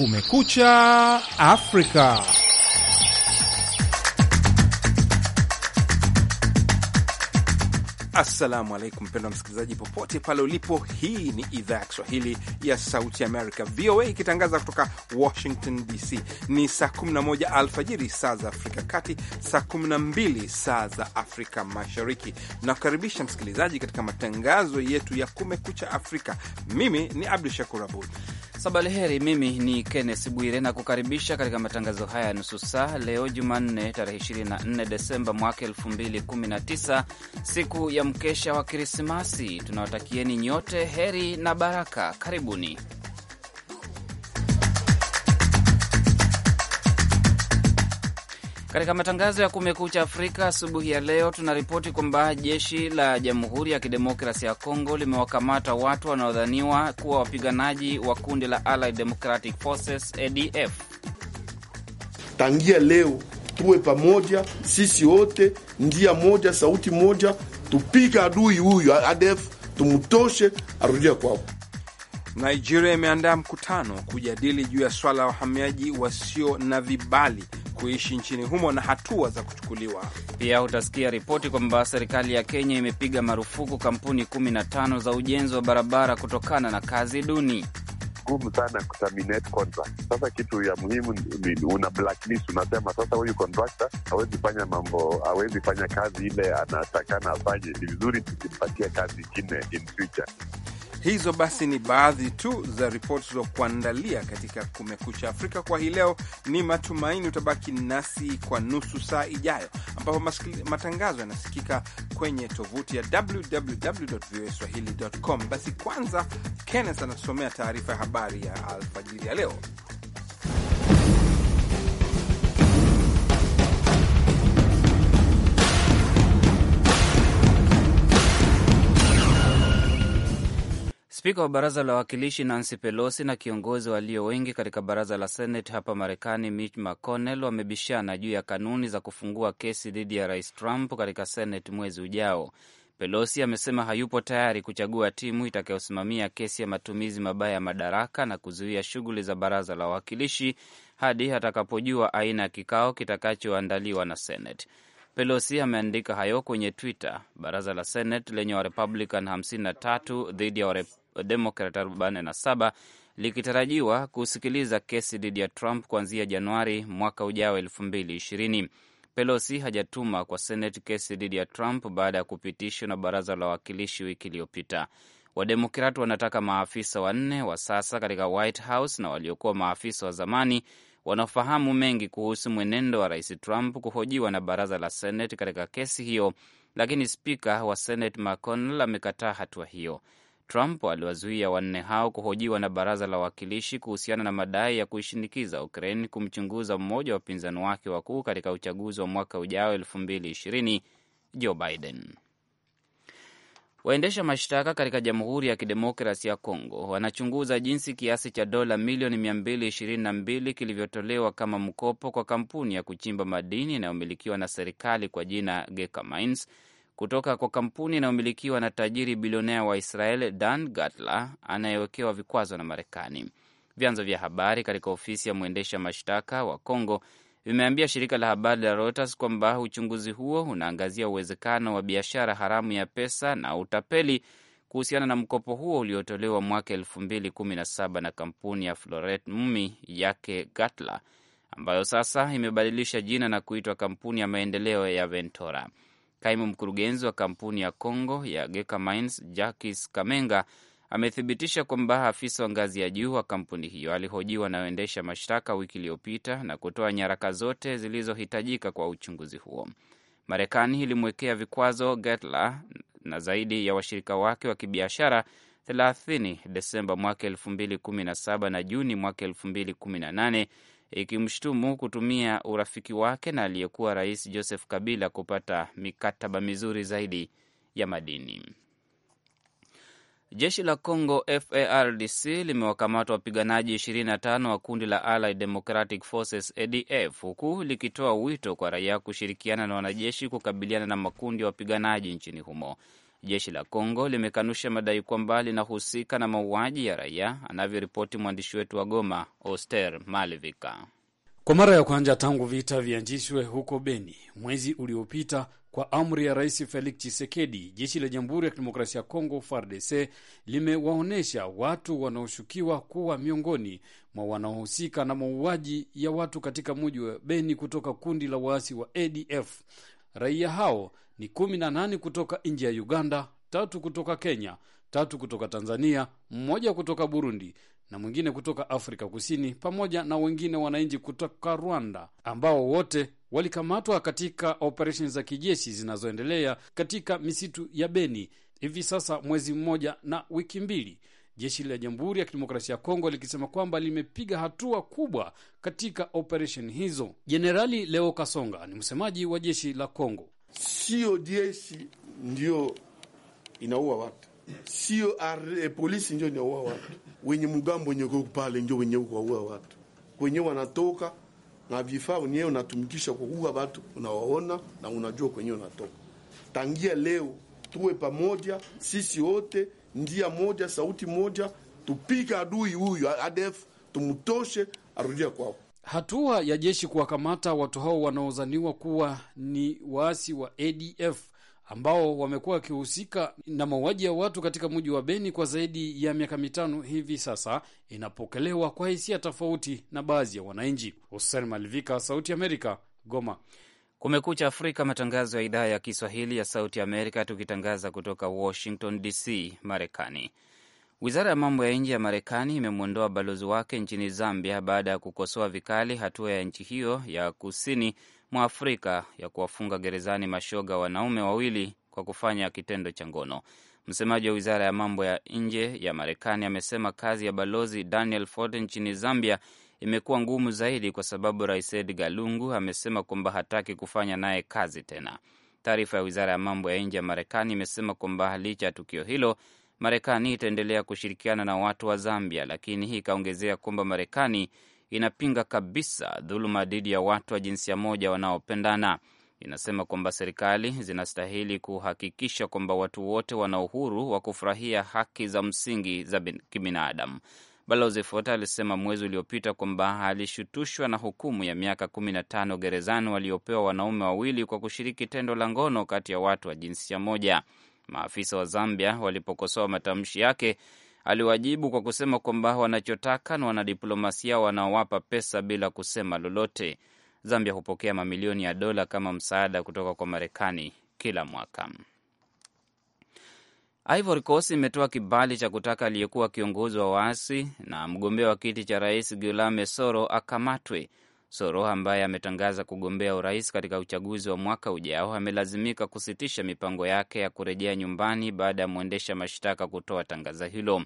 Kumekucha Afrika. Assalamu alaikum, mpendwa msikilizaji, popote pale ulipo. Hii ni idhaa ya Kiswahili ya Sauti Amerika, VOA, ikitangaza kutoka Washington DC. Ni saa 11 alfajiri saa za Afrika Kati, saa 12 saa za Afrika Mashariki. Nakukaribisha msikilizaji katika matangazo yetu ya Kumekucha Afrika. Mimi ni Abdu Shakur Abud Sabali heri, mimi ni Kenneth Bwire na kukaribisha katika matangazo haya ya nusu saa leo Jumanne tarehe 24 Desemba mwaka 2019, siku ya mkesha wa Krismasi. Tunawatakieni nyote heri na baraka. Karibuni. Katika matangazo ya Kumekucha Afrika asubuhi ya leo, tunaripoti kwamba jeshi la Jamhuri ya kidemokrasia ya Kongo limewakamata watu wanaodhaniwa kuwa wapiganaji wa kundi la Allied Democratic Forces, ADF. Tangia leo tuwe pamoja, sisi wote njia moja, sauti moja, tupiga adui huyu ADF, tumtoshe, arudia kwao. Nigeria imeandaa mkutano kujadili juu ya swala la wahamiaji wasio na vibali kuishi nchini humo na hatua za kuchukuliwa. Pia utasikia ripoti kwamba serikali ya Kenya imepiga marufuku kampuni 15 za ujenzi wa barabara kutokana na kazi duni. gumu sana kuterminate contract. Sasa kitu ya muhimu ni una blacklist, unasema sasa huyu contractor hawezi fanya mambo, hawezi fanya kazi ile anatakana afanye. Ni vizuri tukimpatia kazi ingine in future. Hizo basi ni baadhi tu za ripoti za kuandalia katika Kumekucha Afrika kwa hii leo. Ni matumaini utabaki nasi kwa nusu saa ijayo, ambapo matangazo yanasikika kwenye tovuti ya www.voaswahili.com. Basi kwanza, Kenneth anatusomea taarifa ya habari ya alfajiri ya leo. Spika wa baraza la wawakilishi Nancy Pelosi na kiongozi walio wengi katika baraza la Senate hapa Marekani, Mitch McConnell, wamebishana juu ya kanuni za kufungua kesi dhidi ya rais Trump katika Senate mwezi ujao. Pelosi amesema hayupo tayari kuchagua timu itakayosimamia kesi ya matumizi mabaya ya madaraka na kuzuia shughuli za baraza la wawakilishi hadi atakapojua aina ya kikao kitakachoandaliwa na Senate. Pelosi ameandika hayo kwenye Twitter. Baraza la Senate lenye Warepublican 53 dhidi ya Wademokrat 47 likitarajiwa kusikiliza kesi dhidi ya Trump kuanzia Januari mwaka ujao 2020. Pelosi hajatuma kwa Senate kesi dhidi ya Trump baada ya kupitishwa na baraza la wawakilishi wiki iliyopita. Wademokrat wanataka maafisa wanne wa sasa katika White House na waliokuwa maafisa wa zamani wanaofahamu mengi kuhusu mwenendo wa rais Trump kuhojiwa na baraza la Senate katika kesi hiyo, lakini spika wa Senate McConnell amekataa hatua hiyo. Trump aliwazuia wanne hao kuhojiwa na baraza la wawakilishi kuhusiana na madai ya kuishinikiza Ukraine kumchunguza mmoja wa wapinzani wake wakuu katika uchaguzi wa mwaka ujao 2020, Joe Biden. Waendesha mashtaka katika Jamhuri ya Kidemokrasi ya congo wanachunguza jinsi kiasi cha dola milioni 222 kilivyotolewa kama mkopo kwa kampuni ya kuchimba madini inayomilikiwa na serikali kwa jina Gecamines kutoka kwa kampuni inayomilikiwa na tajiri bilionea wa Israel Dan Gatla anayewekewa vikwazo na Marekani. Vyanzo vya habari katika ofisi ya mwendesha mashtaka wa congo vimeambia shirika la habari la Reuters kwamba uchunguzi huo unaangazia uwezekano wa biashara haramu ya pesa na utapeli kuhusiana na mkopo huo uliotolewa mwaka 217 na na kampuni ya Floret Mumi yake Gatla ambayo sasa imebadilisha jina na kuitwa kampuni ya maendeleo ya Ventura. Kaimu mkurugenzi wa kampuni ya Congo ya Geka Mines, Jackis Kamenga, amethibitisha kwamba afisa wa ngazi ya juu wa kampuni hiyo alihojiwa na waendesha mashtaka wiki iliyopita na kutoa nyaraka zote zilizohitajika kwa uchunguzi huo. Marekani ilimwekea vikwazo Getla na zaidi ya washirika wake wa kibiashara 30 Desemba mwaka 2017 na Juni mwaka 2018 ikimshutumu kutumia urafiki wake na aliyekuwa rais Joseph Kabila kupata mikataba mizuri zaidi ya madini. Jeshi la Congo FARDC limewakamata wapiganaji 25 wa kundi la Allied Democratic Forces ADF, huku likitoa wito kwa raia kushirikiana na wanajeshi kukabiliana na makundi ya wapiganaji nchini humo. Jeshi la Kongo limekanusha madai kwamba linahusika na mauaji ya raia, anavyoripoti mwandishi wetu wa Goma, Oster Malivika. Kwa mara ya kwanza tangu vita vianjishwe huko Beni mwezi uliopita, kwa amri ya Rais Felix Tshisekedi, jeshi la Jamhuri ya Kidemokrasia ya Kongo, FARDC, limewaonyesha watu wanaoshukiwa kuwa miongoni mwa wanaohusika na mauaji ya watu katika muji wa Beni kutoka kundi la waasi wa ADF. Raia hao ni kumi na nane kutoka nje ya Uganda, tatu kutoka Kenya, tatu kutoka Tanzania, mmoja kutoka Burundi na mwingine kutoka Afrika Kusini, pamoja na wengine wananchi kutoka Rwanda ambao wote walikamatwa katika operesheni za kijeshi zinazoendelea katika misitu ya Beni hivi sasa mwezi mmoja na wiki mbili. Jeshi la Jamhuri ya Kidemokrasia ya Kongo likisema kwamba limepiga hatua kubwa katika operesheni hizo. Jenerali Leo Kasonga ni msemaji wa jeshi la Kongo Sio jeshi ndio inaua watu, sio eh, polisi ndio inaua watu. Wenye mgambo wenye pale ndio wenye kuua watu, kwenye wanatoka na vifaa wenyewe unatumikisha kuua watu, unawaona na unajua kwenye unatoka. Tangia leo tuwe pamoja sisi wote, njia moja, sauti moja, tupika adui huyu ADF, tumtoshe, arudia kwao. Hatua ya jeshi kuwakamata watu hao wanaozaniwa kuwa ni waasi wa ADF ambao wamekuwa wakihusika na mauaji ya watu katika mji wa Beni kwa zaidi ya miaka mitano hivi sasa, inapokelewa kwa hisia tofauti na baadhi ya wananchi. Hussein Malivika, Sauti Amerika, Goma. Kumekucha Afrika, matangazo ya idhaa ya Kiswahili ya Sauti Amerika, tukitangaza kutoka Washington DC, Marekani. Wizara ya mambo ya nje ya Marekani imemwondoa balozi wake nchini Zambia baada ya kukosoa vikali hatua ya nchi hiyo ya kusini mwa Afrika ya kuwafunga gerezani mashoga wanaume wawili kwa kufanya kitendo cha ngono. Msemaji wa wizara ya mambo ya nje ya Marekani amesema kazi ya balozi Daniel Ford nchini Zambia imekuwa ngumu zaidi kwa sababu Rais Edgar Lungu amesema kwamba hataki kufanya naye kazi tena. Taarifa ya wizara ya mambo ya nje ya Marekani imesema kwamba licha ya tukio hilo Marekani itaendelea kushirikiana na watu wa Zambia, lakini hii ikaongezea kwamba Marekani inapinga kabisa dhuluma dhidi ya watu wa jinsia moja wanaopendana. Inasema kwamba serikali zinastahili kuhakikisha kwamba watu wote wana uhuru wa kufurahia haki za msingi za kibinadamu. Balozi Fota alisema mwezi uliopita kwamba alishutushwa na hukumu ya miaka 15 gerezani waliopewa wanaume wawili kwa kushiriki tendo la ngono kati ya watu wa jinsia moja. Maafisa wa Zambia walipokosoa matamshi yake, aliwajibu kwa kusema kwamba wanachotaka na wanadiplomasia wanaowapa pesa bila kusema lolote. Zambia hupokea mamilioni ya dola kama msaada kutoka kwa Marekani kila mwaka. Ivory Coast imetoa kibali cha kutaka aliyekuwa kiongozi wa waasi na mgombea wa kiti cha rais Guillaume Soro akamatwe. Soro ambaye ametangaza kugombea urais katika uchaguzi wa mwaka ujao amelazimika kusitisha mipango yake ya kurejea nyumbani baada ya mwendesha mashtaka kutoa tangaza hilo.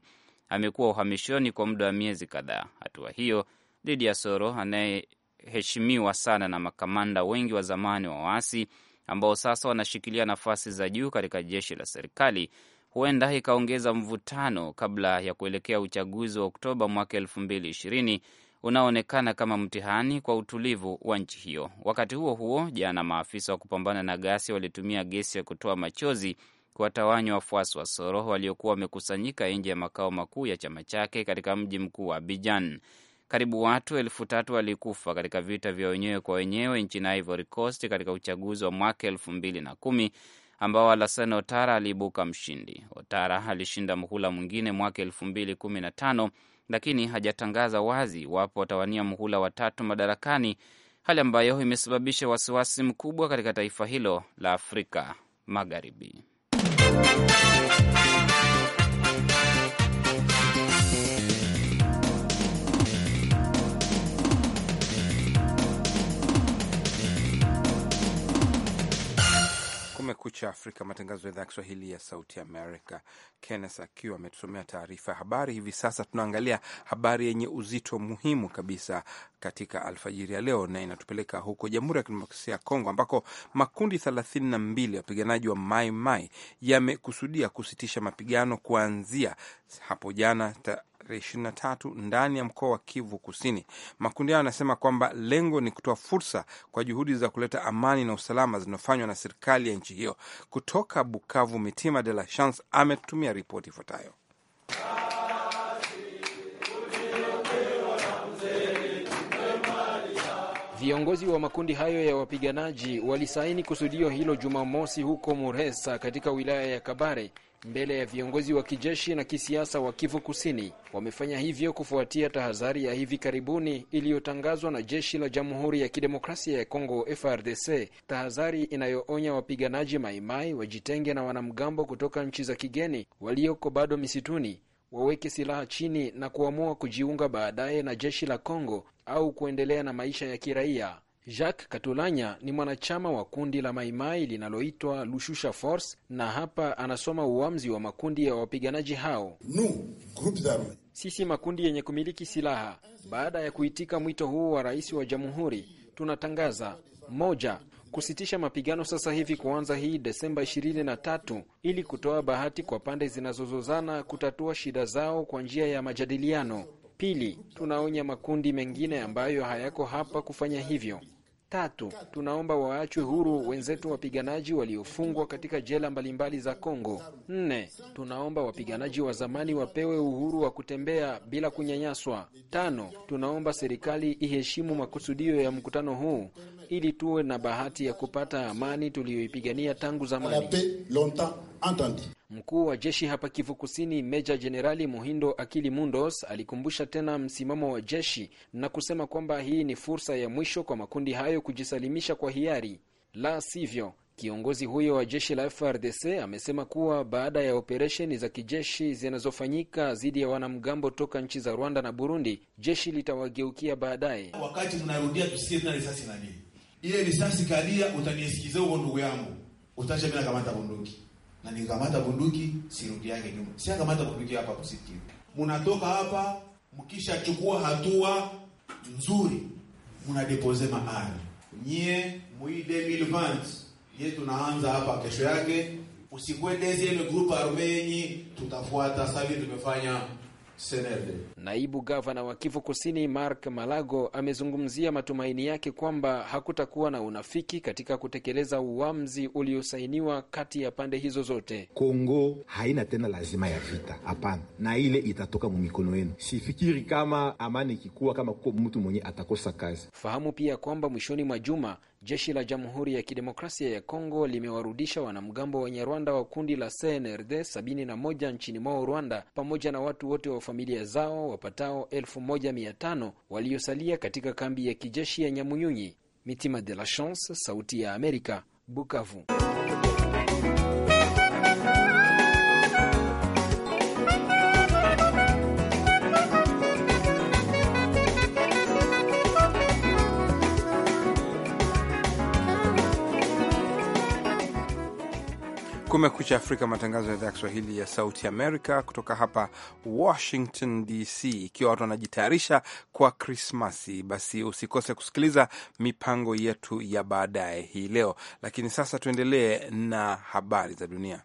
Amekuwa uhamishoni kwa muda wa miezi kadhaa. Hatua hiyo dhidi ya Soro anayeheshimiwa sana na makamanda wengi wa zamani wa waasi ambao sasa wanashikilia nafasi za juu katika jeshi la serikali huenda ikaongeza mvutano kabla ya kuelekea uchaguzi wa Oktoba mwaka elfu mbili ishirini unaoonekana kama mtihani kwa utulivu wa nchi hiyo. Wakati huo huo, jana maafisa wa kupambana na gasi walitumia gesi ya kutoa machozi kuwatawanya wafuasi wa Soro waliokuwa wamekusanyika nje ya makao makuu ya chama chake katika mji mkuu wa Abijan. Karibu watu elfu tatu walikufa katika vita vya wenyewe kwa wenyewe nchini Ivory Coast katika uchaguzi wa mwaka elfu mbili na kumi ambao Alassane Ouattara aliibuka mshindi. Ouattara alishinda mhula mwingine mwaka elfu mbili kumi na tano lakini hajatangaza wazi iwapo watawania mhula watatu madarakani, hali ambayo imesababisha wasiwasi mkubwa katika taifa hilo la Afrika Magharibi. Kumekucha Afrika, matangazo ya idhaa ya Kiswahili ya Sauti Amerika. Kenneth akiwa ametusomea taarifa ya habari. Hivi sasa tunaangalia habari yenye uzito muhimu kabisa katika alfajiri ya leo, na inatupeleka huko Jamhuri ya Kidemokrasia ya Kongo ambako makundi thelathini na mbili ya wapiganaji wa Maimai yamekusudia kusitisha mapigano kuanzia hapo jana ta 23 ndani ya mkoa wa Kivu Kusini. Makundi hayo yanasema kwamba lengo ni kutoa fursa kwa juhudi za kuleta amani na usalama zinazofanywa na serikali ya nchi hiyo. Kutoka Bukavu, Mitima de la Chance ametumia ripoti ifuatayo. Viongozi wa makundi hayo ya wapiganaji walisaini kusudio hilo Jumamosi huko Muresa katika wilaya ya Kabare mbele ya viongozi wa kijeshi na kisiasa wa Kivu Kusini. Wamefanya hivyo kufuatia tahadhari ya hivi karibuni iliyotangazwa na jeshi la Jamhuri ya Kidemokrasia ya Kongo frdc tahadhari inayoonya wapiganaji maimai wajitenge na wanamgambo kutoka nchi za kigeni walioko bado misituni, waweke silaha chini na kuamua kujiunga baadaye na jeshi la Kongo au kuendelea na maisha ya kiraia. Jacques Katulanya ni mwanachama wa kundi la Maimai linaloitwa Lushusha Force na hapa anasoma uamuzi wa makundi ya wapiganaji hao. Sisi makundi yenye kumiliki silaha, baada ya kuitika mwito huu wa rais wa jamhuri, tunatangaza moja, kusitisha mapigano sasa hivi kuanza hii Desemba 23 ili kutoa bahati kwa pande zinazozozana kutatua shida zao kwa njia ya majadiliano. Pili, tunaonya makundi mengine ambayo hayako hapa kufanya hivyo. Tatu, tunaomba waachwe huru wenzetu wapiganaji waliofungwa katika jela mbalimbali za Kongo. Nne, tunaomba wapiganaji wa zamani wapewe uhuru wa kutembea bila kunyanyaswa. Tano, tunaomba serikali iheshimu makusudio ya mkutano huu ili tuwe na bahati ya kupata amani tuliyoipigania tangu zamani. Mkuu wa jeshi hapa Kivu Kusini, Meja Jenerali Muhindo Akili Mundos alikumbusha tena msimamo wa jeshi na kusema kwamba hii ni fursa ya mwisho kwa makundi hayo kujisalimisha kwa hiari, la sivyo Kiongozi huyo wa jeshi la FRDC amesema kuwa baada ya operesheni za kijeshi zinazofanyika dhidi ya wanamgambo toka nchi za Rwanda na Burundi, jeshi litawageukia baadaye. Wakati mnarudia tusikie tena risasi na nini ile risasi kalia, utanisikiza huko ndugu yangu, utaacha mimi nakamata bunduki na nikamata bunduki, sirudi yake nyuma, si akamata bunduki hapa kusikia. Munatoka hapa, mkishachukua hatua nzuri, mnadepoze maari nyie mui 2020 nyie, tunaanza hapa kesho yake, usikwendezi ile group arme yenyi, tutafuata savi tumefanya Naibu gavana wa Kivu Kusini Mark Malago amezungumzia matumaini yake kwamba hakutakuwa na unafiki katika kutekeleza uamuzi uliosainiwa kati ya pande hizo zote. Kongo haina tena lazima ya vita, hapana, na ile itatoka mu mikono yenu. Sifikiri kama amani ikikuwa kama kuko mtu mwenye atakosa kazi. Fahamu pia kwamba mwishoni mwa juma Jeshi la Jamhuri ya Kidemokrasia ya Kongo limewarudisha wanamgambo wenye Rwanda wa kundi la CNRD 71 nchini mwao Rwanda, pamoja na watu wote wa familia zao wapatao 1500 waliosalia katika kambi ya kijeshi ya Nyamunyunyi. Mitima de la Chance, Sauti ya Amerika, Bukavu. Kumekucha Afrika, matangazo ya idhaa ya Kiswahili ya Sauti Amerika kutoka hapa Washington DC. Ikiwa watu wanajitayarisha kwa Krismasi, basi usikose kusikiliza mipango yetu ya baadaye hii leo, lakini sasa tuendelee na habari za dunia.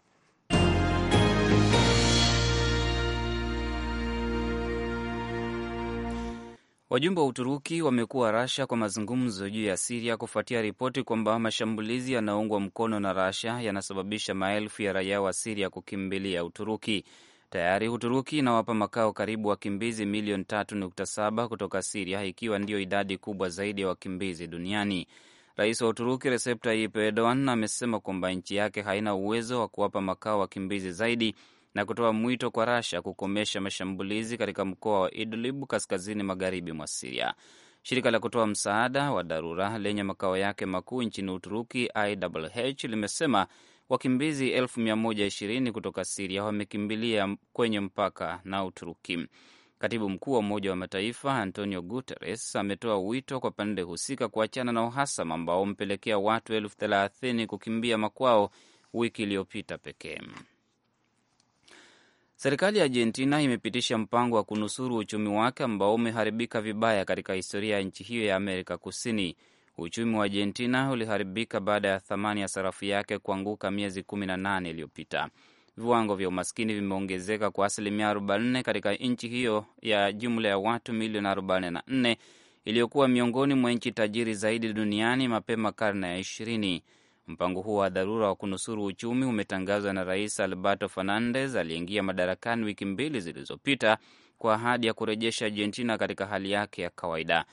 Wajumbe wa Uturuki wamekuwa Rasha kwa mazungumzo juu ya Siria kufuatia ripoti kwamba mashambulizi yanaungwa mkono na Rasha yanasababisha maelfu ya raia wa Siria kukimbilia Uturuki. Tayari Uturuki inawapa makao karibu wakimbizi milioni 3.7 kutoka Siria, ikiwa ndiyo idadi kubwa zaidi ya wakimbizi duniani. Rais wa Uturuki Recep Tayyip Erdogan amesema kwamba nchi yake haina uwezo wa kuwapa makao wakimbizi zaidi na kutoa mwito kwa Rasha kukomesha mashambulizi katika mkoa wa Idlib kaskazini magharibi mwa Siria. Shirika la kutoa msaada wa dharura lenye makao yake makuu nchini Uturuki, IWH, limesema wakimbizi 120 kutoka Siria wamekimbilia kwenye mpaka na Uturuki. Katibu mkuu wa Umoja wa Mataifa Antonio Guterres ametoa wito kwa pande husika kuachana na uhasama ambao umpelekea watu elfu thelathini kukimbia makwao wiki iliyopita pekee. Serikali ya Argentina imepitisha mpango wa kunusuru uchumi wake ambao umeharibika vibaya katika historia ya nchi hiyo ya Amerika Kusini. Uchumi wa Argentina uliharibika baada ya thamani ya sarafu yake kuanguka miezi 18 iliyopita. Viwango vya umaskini vimeongezeka kwa asilimia 44 katika nchi hiyo ya jumla ya watu milioni 44 iliyokuwa miongoni mwa nchi tajiri zaidi duniani mapema karne ya ishirini. Mpango huo wa dharura wa kunusuru uchumi umetangazwa na Rais Alberto Fernandez aliyeingia madarakani wiki mbili zilizopita kwa ahadi ya kurejesha Argentina katika hali yake ya kawaida.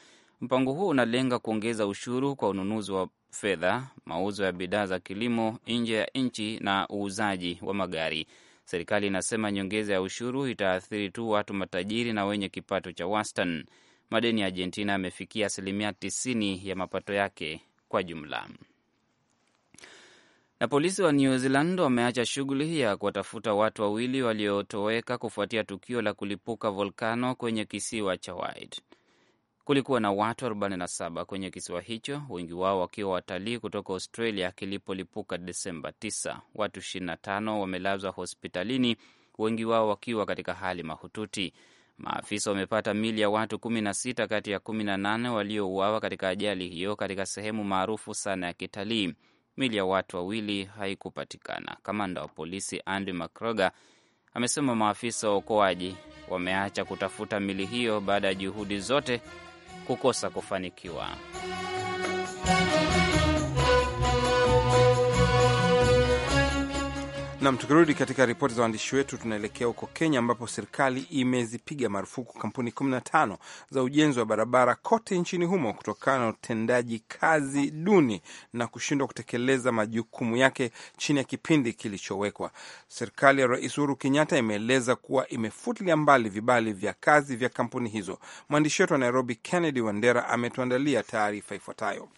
Mpango huo unalenga kuongeza ushuru kwa ununuzi wa fedha, mauzo ya bidhaa za kilimo nje ya nchi na uuzaji wa magari. Serikali inasema nyongeza ya ushuru itaathiri tu watu matajiri na wenye kipato cha wastani. Madeni ya Argentina yamefikia asilimia 90 ya mapato yake kwa jumla. Na polisi wa New Zealand wameacha shughuli ya kuwatafuta watu wawili waliotoweka kufuatia tukio la kulipuka volkano kwenye kisiwa cha White. Kulikuwa na watu 47 kwenye kisiwa hicho, wengi wao wakiwa watalii kutoka Australia kilipolipuka Desemba 9. Watu 25 wamelazwa hospitalini, wengi wao wakiwa katika hali mahututi. Maafisa wamepata mili ya watu 16 kati ya 18 waliouawa katika ajali hiyo katika sehemu maarufu sana ya kitalii. Mili ya watu wawili haikupatikana. Kamanda wa polisi Andy macroga amesema maafisa wa uokoaji wameacha kutafuta mili hiyo baada ya juhudi zote kukosa kufanikiwa. Nam, tukirudi katika ripoti za waandishi wetu, tunaelekea huko Kenya ambapo serikali imezipiga marufuku kampuni 15 za ujenzi wa barabara kote nchini humo kutokana na utendaji kazi duni na kushindwa kutekeleza majukumu yake chini ya kipindi kilichowekwa. Serikali ya Rais Uhuru Kenyatta imeeleza kuwa imefutilia mbali vibali vya kazi vya kampuni hizo. Mwandishi wetu wa Nairobi, Kennedy Wandera, ametuandalia taarifa ifuatayo.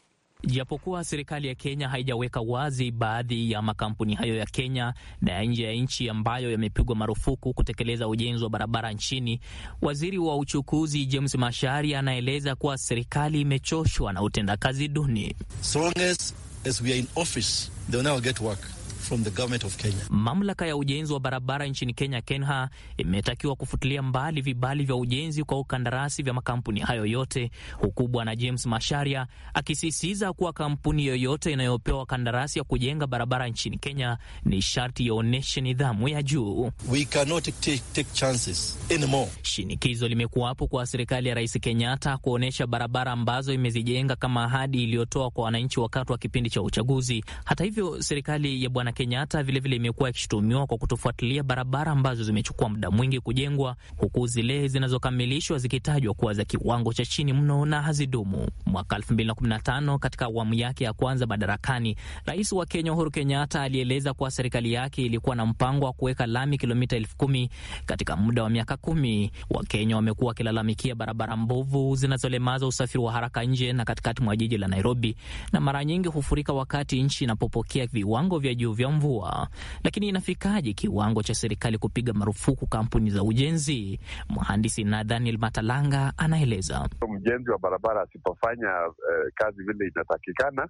Japokuwa serikali ya Kenya haijaweka wazi baadhi ya makampuni hayo ya Kenya na ya nje ya nchi ambayo yamepigwa marufuku kutekeleza ujenzi wa barabara nchini, waziri wa uchukuzi James Mashari anaeleza kuwa serikali imechoshwa na utendakazi duni. so from the government of Kenya. Mamlaka ya ujenzi wa barabara nchini Kenya, KENHA, imetakiwa kufutilia mbali vibali vya ujenzi kwa ukandarasi vya makampuni hayo yote, huku Bwana James Masharia akisisitiza kuwa kampuni yoyote inayopewa kandarasi ya kujenga barabara nchini Kenya ni sharti yaonyeshe nidhamu ya juu. We cannot take, take chances anymore. Shinikizo limekuwapo kwa serikali ya Rais Kenyatta kuonyesha barabara ambazo imezijenga kama ahadi iliyotoa kwa wananchi wakati wa kipindi cha uchaguzi. Hata hivyo serikali ya bwana Kenyatta vilevile imekuwa ikishutumiwa kwa kutofuatilia barabara ambazo zimechukua muda mwingi kujengwa, huku zile zinazokamilishwa zikitajwa kuwa za kiwango cha chini mno na hazidumu. Mwaka 2015 katika awamu yake ya kwanza madarakani, rais wa Kenya Uhuru Kenyatta alieleza kuwa serikali yake ilikuwa na mpango wa kuweka lami kilomita elfu kumi katika muda wa miaka kumi. Wakenya wamekuwa wakilalamikia barabara mbovu zinazolemaza usafiri wa haraka nje na katikati mwa jiji la Nairobi, na mara nyingi hufurika wakati nchi inapopokea viwango vya juu vya mvua. Lakini inafikaje kiwango cha serikali kupiga marufuku kampuni za ujenzi? Mhandisi na Daniel Matalanga anaeleza. Mjenzi wa barabara asipofanya eh, kazi vile inatakikana,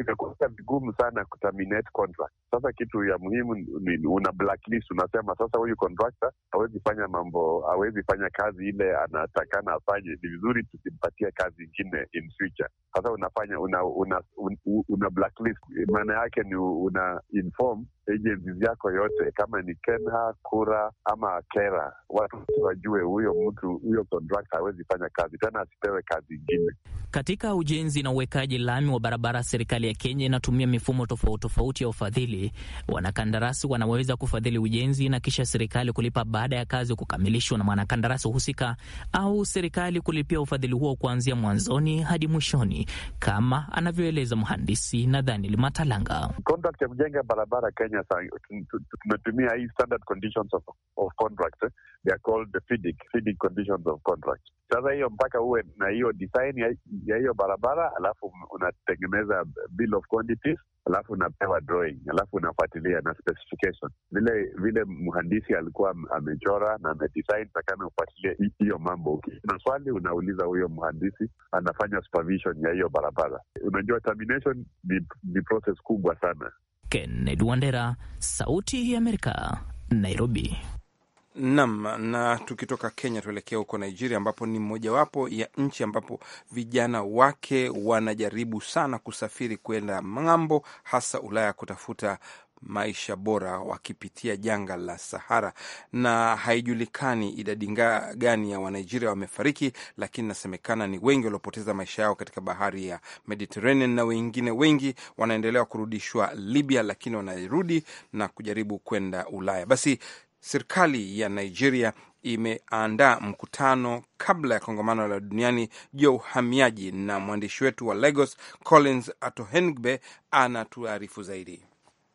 inakuwa vigumu sana kuterminate contract. Sasa kitu ya muhimu ni una blacklist, unasema sasa huyu contractor hawezi fanya mambo, hawezi fanya kazi ile anatakana afanye. Ni vizuri tusimpatie kazi ingine in future. Sasa unafanya una, una, una, una blacklist, maana yake ni una inform agencies yako yote, kama ni Kenha, Kura ama Kera, watu wajue huyo mtu huyo contractor hawezi fanya kazi tena, asipewe kazi ingine. Katika ujenzi na uwekaji lami wa barabara, serikali ya Kenya inatumia mifumo tofauti tofauti ya ufadhili. Wanakandarasi wanaweza kufadhili ujenzi na kisha serikali kulipa baada ya kazi kukamilishwa na mwanakandarasi husika, au serikali kulipia ufadhili huo kuanzia mwanzoni hadi mwishoni, kama anavyoeleza mhandisi Nadhani Matalanga tunajenga barabara Kenya, tumetumia hii standard conditions of, of contract eh? They are called the FIDIC, FIDIC conditions of contract. Sasa hiyo mpaka uwe na hiyo design ya, ya hiyo barabara, alafu unatengeneza bill of quantities, alafu unapewa drawing, alafu unafuatilia na specification vile vile mhandisi alikuwa amechora na amedesign, takana ufuatilie hiyo mambo. Ukina swali unauliza huyo mhandisi, anafanya supervision ya hiyo barabara. Unajua termination ni, ni process kubwa sana Kennedy Wandera, Sauti ya Amerika, Nairobi. Nam, na tukitoka Kenya tuelekea huko Nigeria, ambapo ni mojawapo ya nchi ambapo vijana wake wanajaribu sana kusafiri kwenda ng'ambo, hasa Ulaya kutafuta maisha bora wakipitia janga la Sahara, na haijulikani idadi gani ya Wanigeria wamefariki, lakini inasemekana ni wengi waliopoteza maisha yao katika bahari ya Mediterranean, na wengine wengi wanaendelea kurudishwa Libya, lakini wanarudi na kujaribu kwenda Ulaya. Basi serikali ya Nigeria imeandaa mkutano kabla ya kongamano la duniani juu ya uhamiaji, na mwandishi wetu wa Lagos Collins Atohengbe anatuarifu zaidi.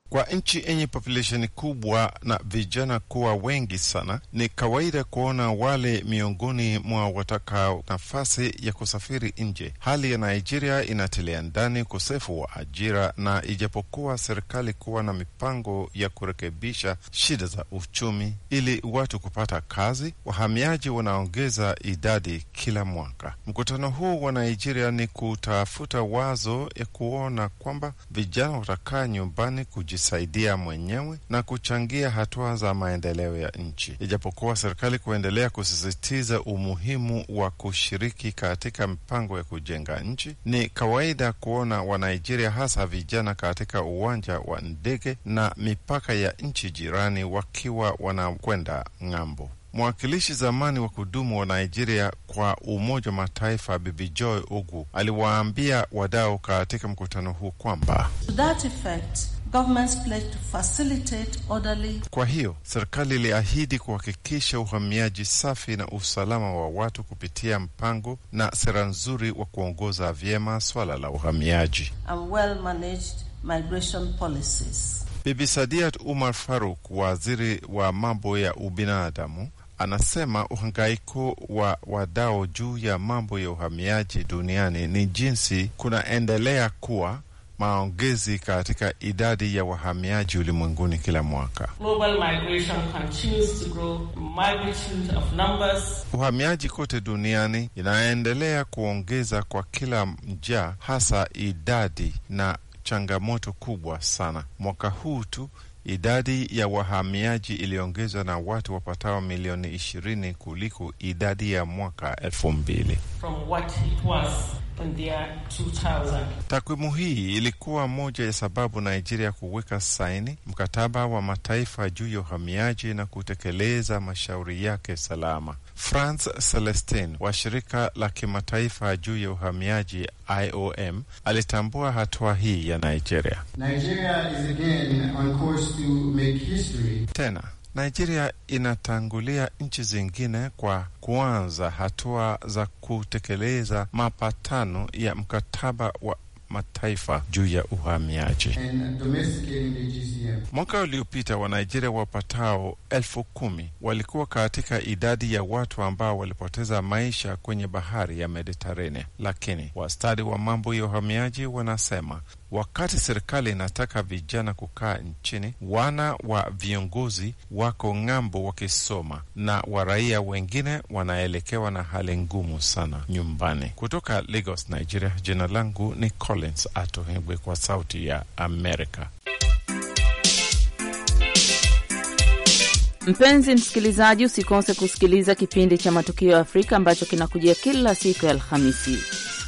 Kwa nchi yenye populesheni kubwa na vijana kuwa wengi sana, ni kawaida kuona wale miongoni mwa wataka nafasi ya kusafiri nje. Hali ya Nigeria inatilia ndani ukosefu wa ajira, na ijapokuwa serikali kuwa na mipango ya kurekebisha shida za uchumi ili watu kupata kazi, wahamiaji wanaongeza idadi kila mwaka. Mkutano huu wa Nigeria ni kutafuta wazo ya kuona kwamba vijana watakaa nyumbani kuji kujisaidia mwenyewe na kuchangia hatua za maendeleo ya nchi, ijapokuwa serikali kuendelea kusisitiza umuhimu wa kushiriki katika mipango ya kujenga nchi. Ni kawaida kuona wanijeria hasa vijana, katika uwanja wa ndege na mipaka ya nchi jirani wakiwa wanakwenda ng'ambo. Mwakilishi zamani wa kudumu wa Nigeria kwa Umoja wa Mataifa Bibi Joy aliwaambia wadau katika mkutano huu kwamba That effect kwa hiyo serikali iliahidi kuhakikisha uhamiaji safi na usalama wa watu kupitia mpango na sera nzuri wa kuongoza vyema swala la uhamiaji. Bibi Sadiat Umar Faruk, waziri wa mambo ya ubinadamu, anasema uhangaiko wa wadau juu ya mambo ya uhamiaji duniani ni jinsi kunaendelea kuwa maongezi katika idadi ya wahamiaji ulimwenguni kila mwaka. Uhamiaji kote duniani inaendelea kuongeza kwa kila mja, hasa idadi na changamoto kubwa sana. Mwaka huu tu idadi ya wahamiaji iliongezwa na watu wapatao milioni ishirini kuliko idadi ya mwaka elfu mbili. Takwimu hii ilikuwa moja ya sababu Nigeria kuweka saini mkataba wa mataifa juu ya uhamiaji na kutekeleza mashauri yake salama. franc Celestin wa shirika la kimataifa juu ya uhamiaji IOM alitambua hatua hii ya Nigeria. Nigeria is again on course to make history. Tena Nigeria inatangulia nchi zingine kwa kuanza hatua za kutekeleza mapatano ya mkataba wa mataifa juu ya uhamiaji. Mwaka uliopita Nigeria wapatao elfu kumi walikuwa katika idadi ya watu ambao walipoteza maisha kwenye bahari ya Mediterania, lakini wastadi wa mambo ya uhamiaji wanasema Wakati serikali inataka vijana kukaa nchini, wana wa viongozi wako ng'ambo wakisoma na waraia wengine wanaelekewa na hali ngumu sana nyumbani. Kutoka Lagos, Nigeria, jina langu ni Collins Atohegwe kwa Sauti ya Amerika. Mpenzi msikilizaji, usikose kusikiliza kipindi cha Matukio ya Afrika ambacho kinakujia kila siku ya Alhamisi.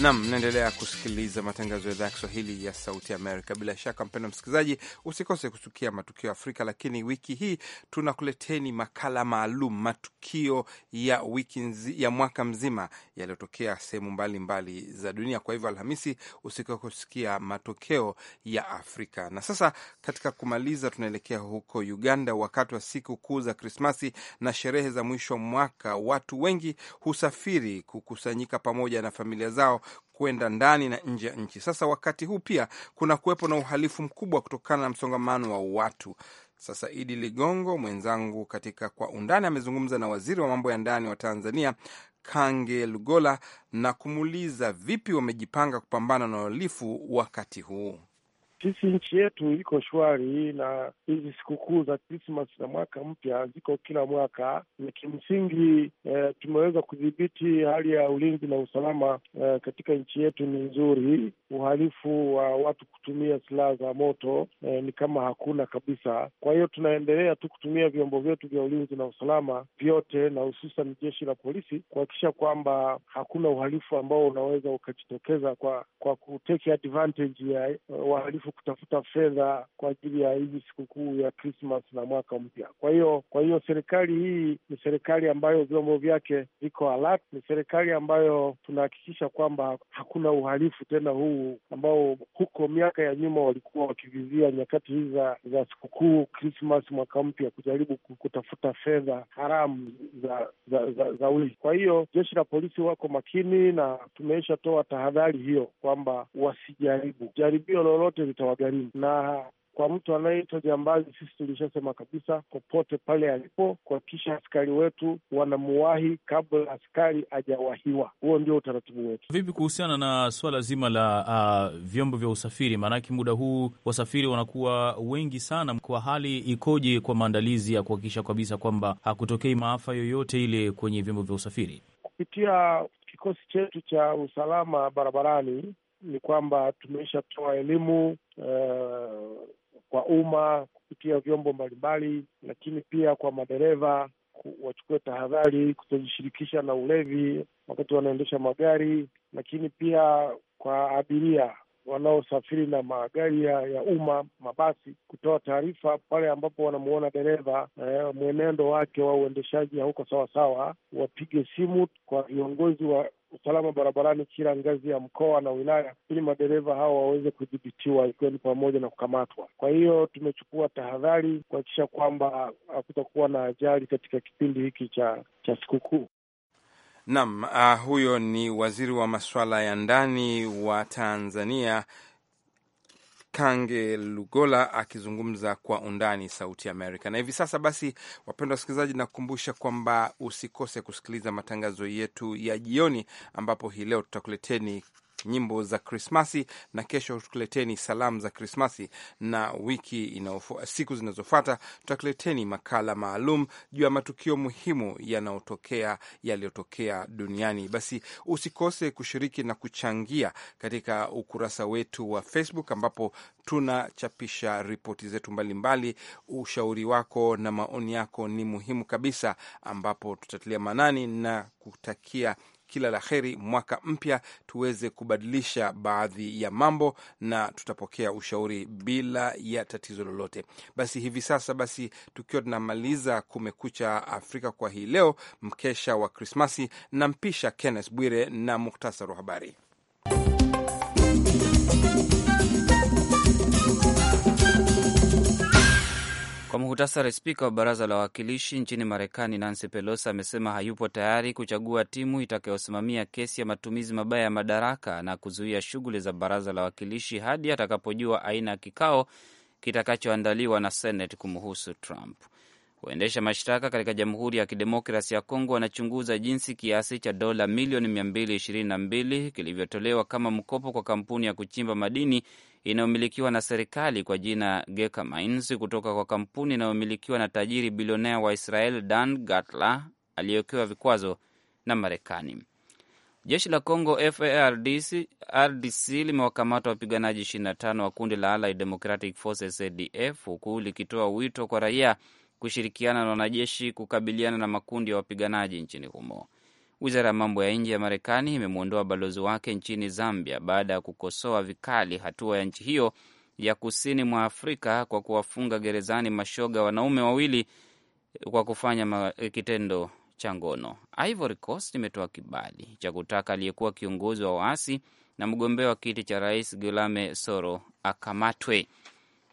Nam, naendelea kusikiliza matangazo ya idhaa ya Kiswahili ya Sauti Amerika. Bila shaka, mpendo msikilizaji, usikose kusukia matukio ya Afrika, lakini wiki hii tunakuleteni makala maalum, matukio ya wiki nzi, ya mwaka mzima yaliyotokea sehemu mbalimbali za dunia. Kwa hivyo Alhamisi usikao kusikia matokeo ya Afrika. Na sasa katika kumaliza, tunaelekea huko Uganda. Wakati wa siku kuu za Krismasi na sherehe za mwisho mwaka, watu wengi husafiri kukusanyika pamoja na familia zao kwenda ndani na nje ya nchi. Sasa wakati huu pia kuna kuwepo na uhalifu mkubwa kutokana na msongamano wa watu. Sasa Idi Ligongo mwenzangu katika Kwa Undani amezungumza na waziri wa mambo ya ndani wa Tanzania Kange Lugola na kumuuliza vipi wamejipanga kupambana na uhalifu wakati huu. Sisi nchi yetu iko shwari, na hizi sikukuu za Krismas na mwaka mpya ziko kila mwaka, na kimsingi e, tumeweza kudhibiti hali ya ulinzi na usalama e, katika nchi yetu ni nzuri. Uhalifu wa watu kutumia silaha za moto e, ni kama hakuna kabisa. Kwa hiyo tunaendelea tu kutumia vyombo vyetu vya ulinzi na usalama vyote, na hususan jeshi la polisi kuhakikisha kwamba hakuna uhalifu ambao unaweza ukajitokeza kwa kwa kuteki advantage ya wahalifu halafu kutafuta fedha kwa ajili ya hizi sikukuu ya Krismas na mwaka mpya. Kwa hiyo kwa hiyo serikali hii ni serikali ambayo vyombo vyake viko alert, ni serikali ambayo tunahakikisha kwamba hakuna uhalifu tena huu ambao huko miaka ya nyuma walikuwa wakivizia nyakati hizi za, za sikukuu Krismas, mwaka mpya kujaribu kutafuta fedha haramu za za, za, za wizi. Kwa hiyo jeshi la polisi wako makini na tumeisha toa tahadhari hiyo kwamba wasijaribu jaribio lolote itawagharimu na kwa mtu anayeitwa jambazi, sisi tulishasema kabisa, popote pale alipo, kuhakikisha askari wetu wanamuwahi kabla askari ajawahiwa. Huo ndio utaratibu wetu. Vipi kuhusiana na swala zima la uh, vyombo vya usafiri? Maanake muda huu wasafiri wanakuwa wengi sana, kwa hali ikoje kwa maandalizi ya kuhakikisha kabisa kwamba hakutokei maafa yoyote ile kwenye vyombo vya usafiri? Kupitia kikosi chetu cha usalama barabarani ni kwamba tumeshatoa elimu uh, kwa umma kupitia vyombo mbalimbali, lakini pia kwa madereva wachukue tahadhari kutojishirikisha na ulevi wakati wanaendesha magari, lakini pia kwa abiria wanaosafiri na magari ya, ya umma mabasi, kutoa taarifa pale ambapo wanamuona dereva eh, mwenendo wake wa uendeshaji hauko sawasawa, wapige simu kwa viongozi wa usalama barabarani kila ngazi ya mkoa na wilaya, ili madereva hawa waweze kudhibitiwa, ikiwa ni pamoja na kukamatwa. Kwa hiyo tumechukua tahadhari kuhakikisha kwamba hakutakuwa na ajali katika kipindi hiki cha, cha sikukuu. Naam, uh, huyo ni waziri wa masuala ya ndani wa Tanzania Kange Lugola akizungumza kwa undani Sauti Amerika. Na hivi sasa basi, wapendwa wasikilizaji, nakukumbusha kwamba usikose kusikiliza matangazo yetu ya jioni, ambapo hii leo tutakuleteni nyimbo za Krismasi na kesho tukuleteni salamu za Krismasi, na wiki inaofu, siku zinazofuata tutakuleteni makala maalum juu ya matukio muhimu yanayotokea yaliyotokea duniani. Basi usikose kushiriki na kuchangia katika ukurasa wetu wa Facebook ambapo tunachapisha ripoti zetu mbalimbali. Ushauri wako na maoni yako ni muhimu kabisa, ambapo tutatilia manani na kutakia kila la heri mwaka mpya, tuweze kubadilisha baadhi ya mambo na tutapokea ushauri bila ya tatizo lolote. Basi hivi sasa, basi tukiwa tunamaliza Kumekucha Afrika kwa hii leo, mkesha wa Krismasi, nampisha Kenneth Bwire na muhtasari wa habari. Kwa muhtasari, spika wa baraza la wawakilishi nchini Marekani Nancy Pelosi amesema hayupo tayari kuchagua timu itakayosimamia kesi ya matumizi mabaya ya madaraka na kuzuia shughuli za baraza la wawakilishi hadi atakapojua aina ya kikao kitakachoandaliwa na Senate kumhusu Trump. Waendesha mashtaka katika Jamhuri ya Kidemokrasi ya Kongo wanachunguza jinsi kiasi cha dola milioni 222 kilivyotolewa kama mkopo kwa kampuni ya kuchimba madini inayomilikiwa na serikali kwa jina Geka Mines kutoka kwa kampuni inayomilikiwa na tajiri bilionea wa Israel Dan Gatla aliyewekewa vikwazo na Marekani. Jeshi la Congo FARDC limewakamata wapiganaji 25 wa kundi la Allied Democratic Forces ADF huku likitoa wito kwa raia kushirikiana na wanajeshi kukabiliana na makundi ya wapiganaji nchini humo. Wizara ya mambo ya nje ya Marekani imemwondoa balozi wake nchini Zambia baada ya kukosoa vikali hatua ya nchi hiyo ya kusini mwa Afrika kwa kuwafunga gerezani mashoga wanaume wawili kwa kufanya eh, kitendo cha ngono. Ivory Coast imetoa kibali cha kutaka aliyekuwa kiongozi wa waasi na mgombea wa kiti cha rais Guillaume Soro akamatwe.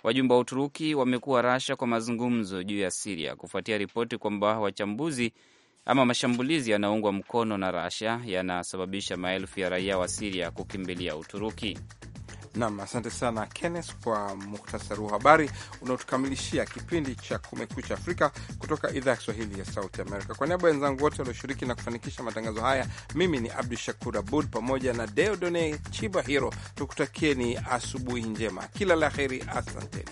Wajumbe wa Uturuki wamekuwa Rasha kwa mazungumzo juu ya Siria kufuatia ripoti kwamba wachambuzi ama mashambulizi yanaungwa mkono na Rasha yanasababisha maelfu ya raia wa Siria kukimbilia Uturuki. Nam, asante sana Kenneth kwa muktasari wa habari unaotukamilishia kipindi cha Kumekucha Afrika kutoka idhaa ya Kiswahili ya Sauti Amerika. Kwa niaba ya wenzangu wote walioshiriki na kufanikisha matangazo haya, mimi ni Abdu Shakur Abud pamoja na Deodone Chiba Hiro, tukutakieni asubuhi njema, kila la heri, asanteni.